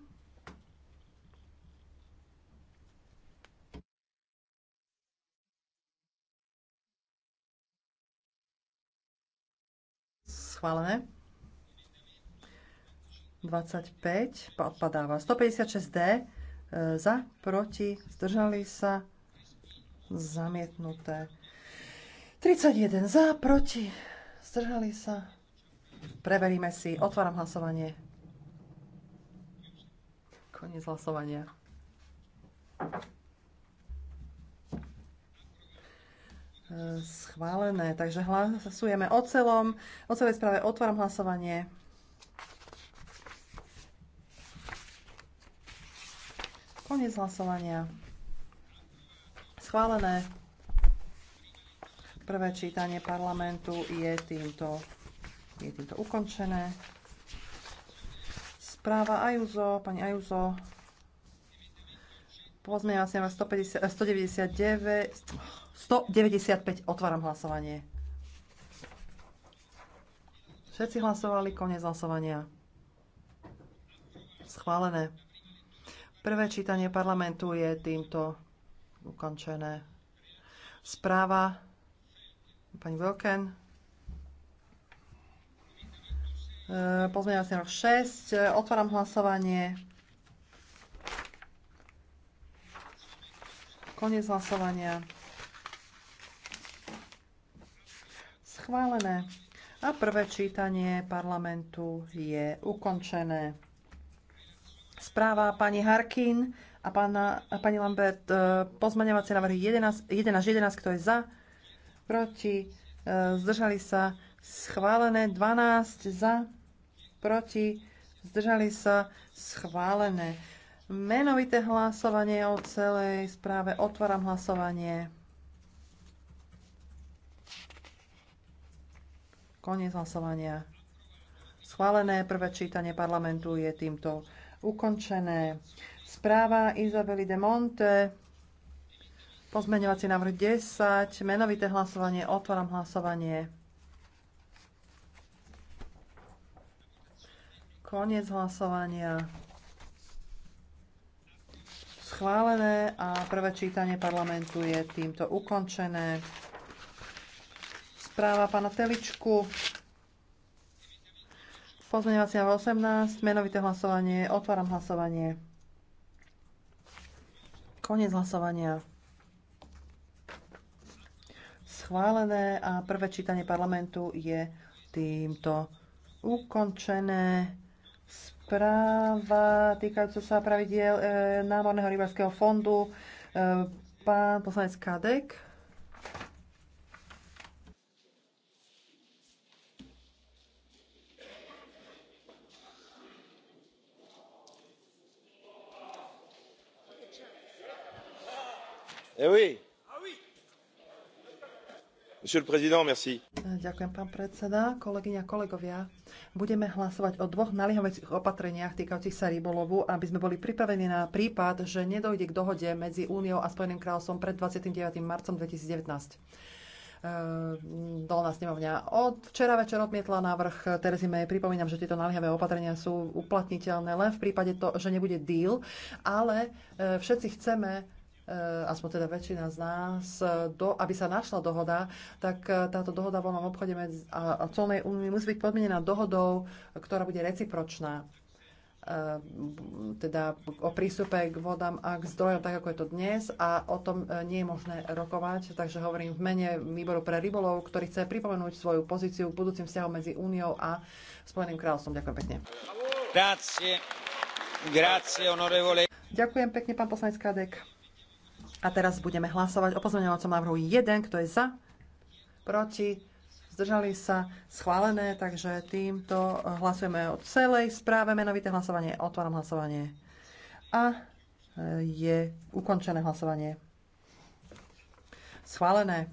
Schválené. 25 odpadáva. 156D za, proti, zdržali sa, zamietnuté. 31 za, proti, zdržali sa. Preveríme si. Otváram hlasovanie. Koniec hlasovania. schválené. Takže hlasujeme o celom, o celej správe otváram hlasovanie. Koniec hlasovania. Schválené. Prvé čítanie parlamentu je týmto, je týmto ukončené. Správa Ajuzo, pani Ajuzo, pozmeňovací návrh 199, 195. Otváram hlasovanie. Všetci hlasovali. koniec hlasovania. Schválené. Prvé čítanie parlamentu je týmto ukončené. Správa pani Wilken. E, pozmeňovací rok 6. Otváram hlasovanie. Koniec hlasovania. schválené. A prvé čítanie parlamentu je ukončené. Správa pani Harkin a, pána, a pani Lambert, e, pozmaňovacie návrhy 11, 11, 11, kto je za, proti, e, zdržali sa, schválené 12 za, proti, zdržali sa, schválené. Menovité hlasovanie o celej správe. Otváram hlasovanie. Koniec hlasovania. Schválené prvé čítanie parlamentu je týmto ukončené. Správa Izabeli de Monte. Pozmeňovací návrh 10. Menovité hlasovanie. Otváram hlasovanie. Koniec hlasovania. Schválené a prvé čítanie parlamentu je týmto ukončené. Správa pána Teličku. Pozmeňovacia 18. Menovité hlasovanie. Otváram hlasovanie. Koniec hlasovania. Schválené a prvé čítanie parlamentu je týmto ukončené. Správa týkajúca sa pravidiel e, Námorného rybárskeho fondu. E, pán poslanec Kadek. Eh ah Ďakujem, pán predseda, kolegyňa, kolegovia. Budeme hlasovať o dvoch naliehavých opatreniach týkajúcich sa rybolovu, aby sme boli pripravení na prípad, že nedojde k dohode medzi Úniou a Spojeným kráľovstvom pred 29. marcom 2019. Ehm, dolná snemovňa. Od včera večer odmietla návrh Terezy May. Pripomínam, že tieto naliehavé opatrenia sú uplatniteľné len v prípade, to, že nebude deal, ale eh, všetci chceme Eh, aspoň teda väčšina z nás, eh, do, aby sa našla dohoda, tak eh, táto dohoda voľnom obchode medzi, a, a colnej únii musí byť podmienená dohodou, ktorá bude recipročná teda o prístupe k vodám a k zdrojom, tak ako je to dnes a o tom nie je možné rokovať. Takže hovorím v mene výboru pre rybolov, ktorý chce pripomenúť svoju pozíciu k budúcim vzťahom medzi Úniou a Spojeným kráľovstvom. Ďakujem pekne. Grazie. Grazie, Ďakujem pekne, pán poslanec Kadek. A teraz budeme hlasovať o pozmeňovacom návrhu 1, kto je za, proti, zdržali sa, schválené, takže týmto hlasujeme o celej správe, menovité hlasovanie, otváram hlasovanie. A e, je ukončené hlasovanie. Schválené.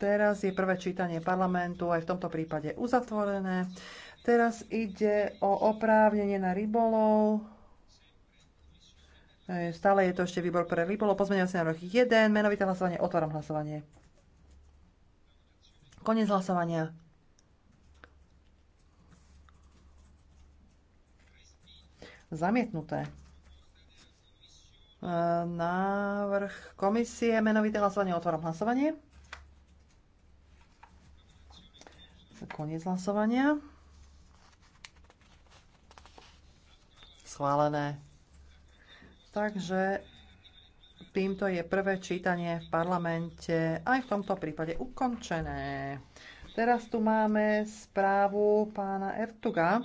Teraz je prvé čítanie parlamentu, aj v tomto prípade uzatvorené. Teraz ide o oprávnenie na rybolov. E, stále je to ešte výbor pre rybolov. Pozmeňovací návrh 1. Menovité hlasovanie. Otváram hlasovanie. Konec hlasovania. Zamietnuté. E, návrh komisie. Menovité hlasovanie. Otváram hlasovanie. Konec hlasovania. Schválené. Takže týmto je prvé čítanie v parlamente aj v tomto prípade ukončené. Teraz tu máme správu pána Ertuga.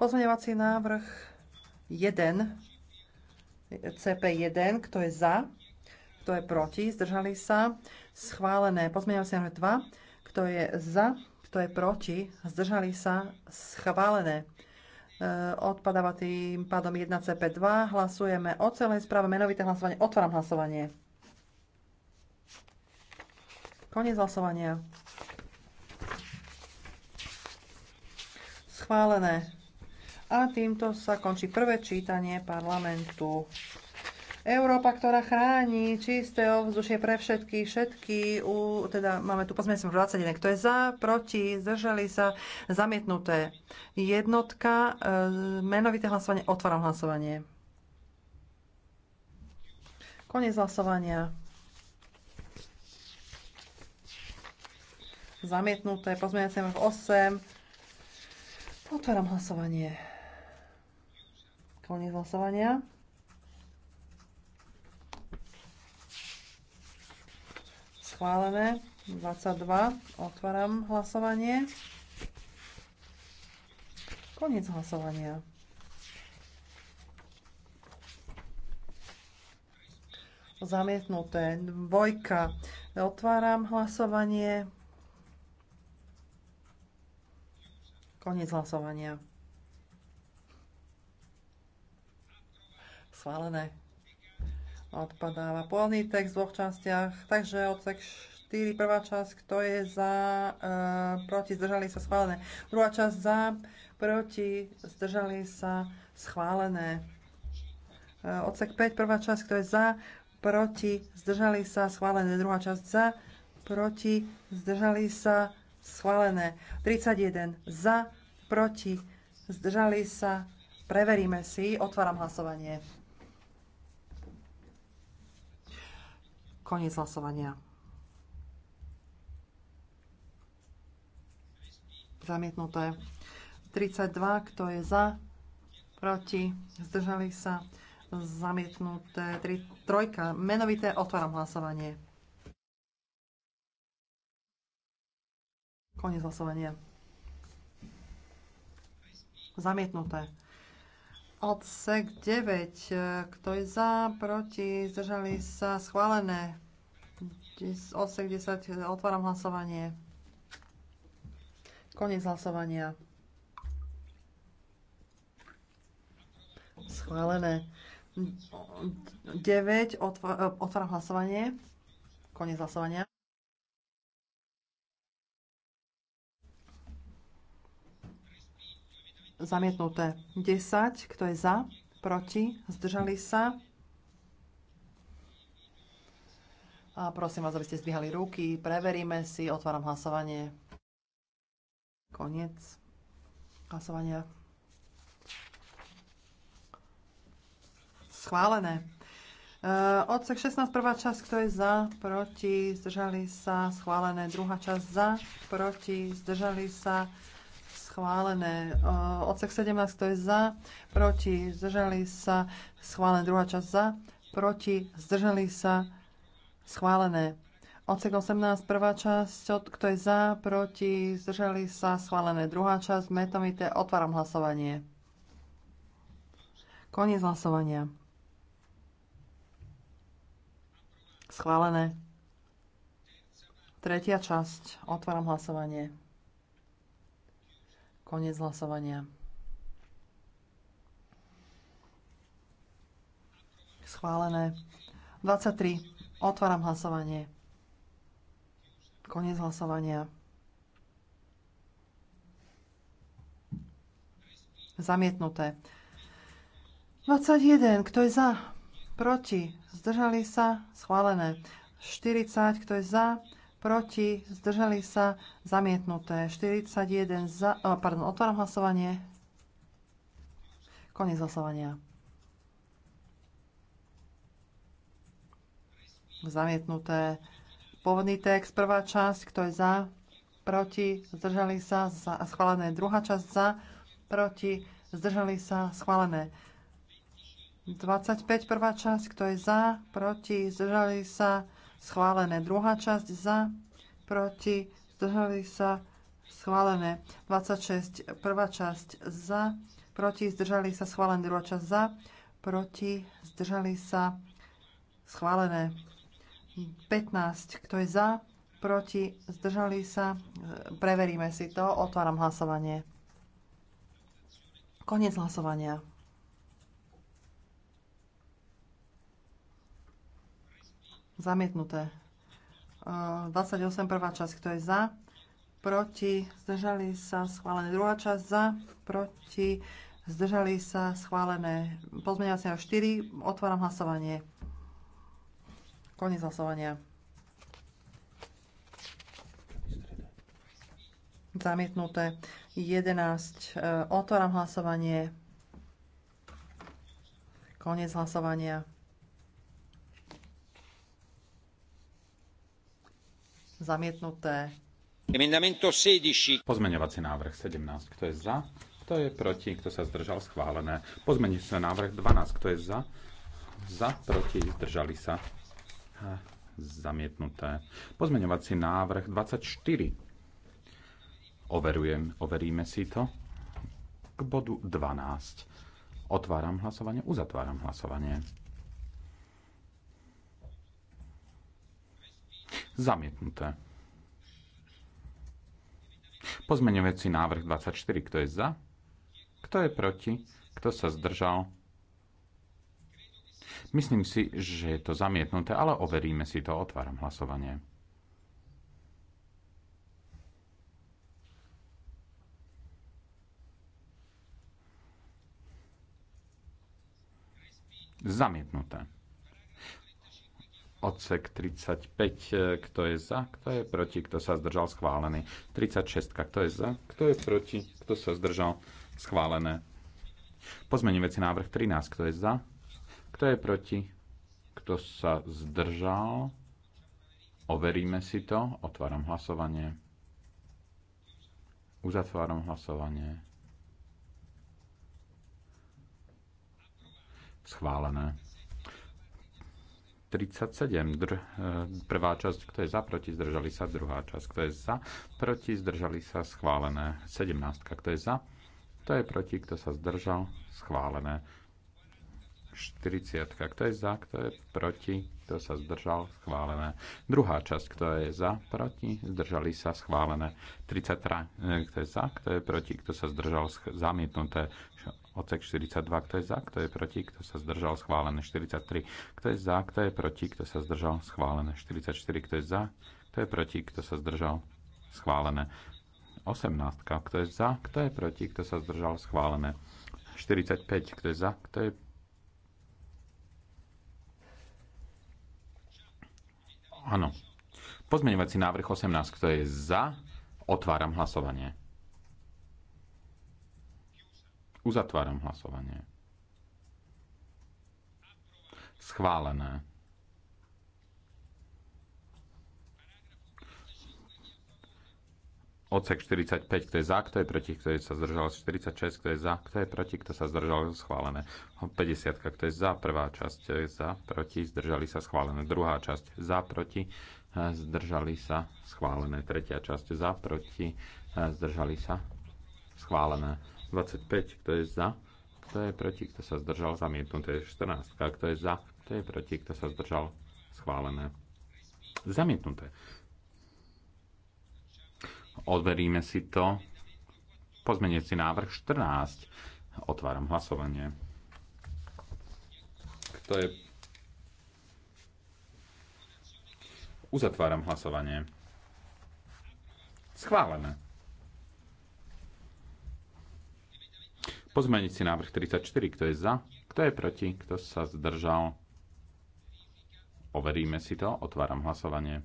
Pozmeňovací návrh 1, CP1, kto je za, kto je proti, zdržali sa. Schválené pozmeňovací návrh 2, kto je za, kto je proti, zdržali sa. Schválené Eh, Odpadáva tým pádom 1CP2. Hlasujeme o celej správe. Menovité hlasovanie. Otváram hlasovanie. Koniec hlasovania. Schválené. A týmto sa končí prvé čítanie parlamentu. Európa, ktorá chráni čisté ovzdušie pre všetky všetky, u, teda máme tu pozmeňujem 21, kto je za, proti, zdržali sa, zamietnuté. Jednotka, e, menovité hlasovanie, otváram hlasovanie. Konec hlasovania. Zamietnuté, pozmeňujem návrh 8. Otváram hlasovanie. Koniec hlasovania. schválené. 22. Otváram hlasovanie. Koniec hlasovania. Zamietnuté. Dvojka. Otváram hlasovanie. Koniec hlasovania. Schválené. Odpadáva pôvodný text v dvoch častiach, takže odsek 4, prvá časť, kto je za, e, proti, zdržali sa schválené. Druhá časť za, proti, zdržali sa schválené. E, odsek 5, prvá časť, kto je za, proti, zdržali sa schválené. Druhá časť za, proti, zdržali sa schválené. 31 za, proti, zdržali sa. Preveríme si, otváram hlasovanie. Koniec hlasovania. Zamietnuté. 32, kto je za, proti, zdržali sa, zamietnuté. 3, trojka, menovité, otváram hlasovanie. Koniec hlasovania. Zamietnuté. Odsek 9. E, kto je za, proti, zdržali sa, schválené. Odsek 10. E, otváram hlasovanie. Koniec hlasovania. Schválené. 9. E, otváram hlasovanie. Koniec hlasovania. zamietnuté. 10, kto je za, proti, zdržali sa. A prosím vás, aby ste zdvíhali ruky. Preveríme si. Otváram hlasovanie. Koniec hlasovania. Schválené. Uh, odsek 16, prvá časť, kto je za, proti, zdržali sa, schválené. Druhá časť za, proti, zdržali sa, schválené. Odsek 17, kto je za, proti, zdržali sa, schválené. Druhá časť za, proti, zdržali sa, schválené. Odsek 18, prvá časť, kto je za, proti, zdržali sa, schválené. Druhá časť, metomité, otváram hlasovanie. Koniec hlasovania. Schválené. Tretia časť. Otváram hlasovanie. Konec hlasovania. Schválené. 23. Otváram hlasovanie. Konec hlasovania. Zamietnuté. 21. Kto je za? Proti. Zdržali sa? Schválené. 40. Kto je za? proti, zdržali sa, zamietnuté. 41 za, eh, pardon, otváram hlasovanie. Koniec hlasovania. Zamietnuté. Pôvodný text, prvá časť, kto je za, proti, zdržali sa, za, schválené. Druhá časť za, proti, zdržali sa, schválené. 25, prvá časť, kto je za, proti, zdržali sa, schválené. Druhá časť za, proti, zdržali sa, schválené. 26, prvá časť za, proti, zdržali sa, schválené. Druhá časť za, proti, zdržali sa, schválené. 15, kto je za, proti, zdržali sa, preveríme si to, otváram hlasovanie. Koniec hlasovania. Zamietnuté. 28. Ehm, prvá časť, kto je za? Proti. Zdržali sa schválené. Druhá časť za. Proti. Zdržali sa schválené. Pozmeňovacie 4. Otváram hlasovanie. Koniec hlasovania. Zamietnuté. 11. Ehm, otváram hlasovanie. Koniec hlasovania. Zamietnuté. Pozmeňovací návrh 17. Kto je za? Kto je proti? Kto sa zdržal? Schválené. Pozmeňujúci návrh 12. Kto je za? Za, proti, zdržali sa. Zamietnuté. Pozmeňovací návrh 24. Overujem, overíme si to. K bodu 12. Otváram hlasovanie, uzatváram hlasovanie. Zamietnuté. Pozmeňujúci návrh 24. Kto je za? Kto je proti? Kto sa zdržal? Myslím si, že je to zamietnuté, ale overíme si to. Otváram hlasovanie. Zamietnuté odsek 35, e, kto je za, kto je proti, kto sa zdržal, schválený. 36, kto je za, kto je proti, kto sa zdržal, schválené. Pozmením veci návrh 13, kto je za, kto je proti, kto sa zdržal, overíme si to, otváram hlasovanie, uzatváram hlasovanie, schválené. 37. Dr- eh, prvá časť, kto je za, proti, zdržali sa. Druhá časť, kto je za, proti, zdržali sa. Schválené. 17. Kto je za, kto je proti, kto sa zdržal. Schválené. 40. Kto je za, kto je proti, kto sa zdržal, schválené. Druhá časť, kto je za, proti, zdržali sa, schválené. 33. Eh, kto je za, kto je proti, kto sa zdržal, zamietnuté. Odsek 42, kto je za, kto je proti, kto sa zdržal, schválené 43. Kto je za, kto je proti, kto sa zdržal, schválené 44. Kto je za, kto je proti, kto sa zdržal, schválené 18. Kto je za, kto je proti, kto sa zdržal, schválené 45. Kto je za, kto je Áno. Pozmeňovací návrh 18, kto je za, otváram hlasovanie. Uzatváram hlasovanie. Schválené. Odsek 45, kto je za, kto je proti, kto je sa zdržal, 46, kto je za, kto je proti, kto sa zdržal, schválené. 50, kto je za, prvá časť je za, proti, zdržali sa, schválené. Druhá časť za, proti, zdržali sa, schválené. Tretia časť za, proti, zdržali sa, schválené. 25, kto je za, kto je proti, kto sa zdržal, zamietnuté 14, kto je za, kto je proti, kto sa zdržal, schválené. Zamietnuté. Odveríme si to. Pozmeniaci návrh 14. Otváram hlasovanie. Kto je... Uzatváram hlasovanie. Schválené. Pozmeniť si návrh 34, kto je za, kto je proti, kto sa zdržal. Overíme si to, otváram hlasovanie.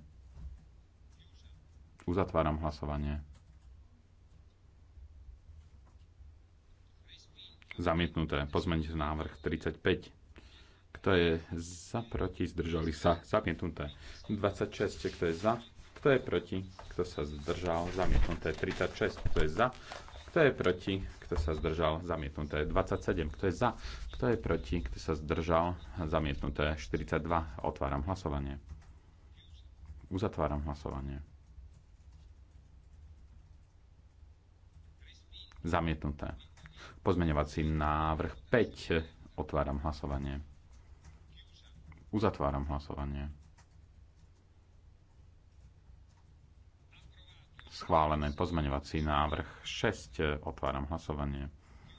Uzatváram hlasovanie. Zamietnuté. Pozmeňte návrh 35. Kto je za, proti, zdržali sa. Zamietnuté. 26. Kto je za, kto je proti, kto sa zdržal. Zamietnuté. 36. Kto je za, kto je proti, kto sa zdržal, zamietnuté 27, kto je za, kto je proti, kto sa zdržal, zamietnuté 42. Otváram hlasovanie. Uzatváram hlasovanie. Zamietnuté. Pozmeňovací návrh 5. Otváram hlasovanie. Uzatváram hlasovanie. Schválené pozmeňovací návrh 6. Otváram hlasovanie.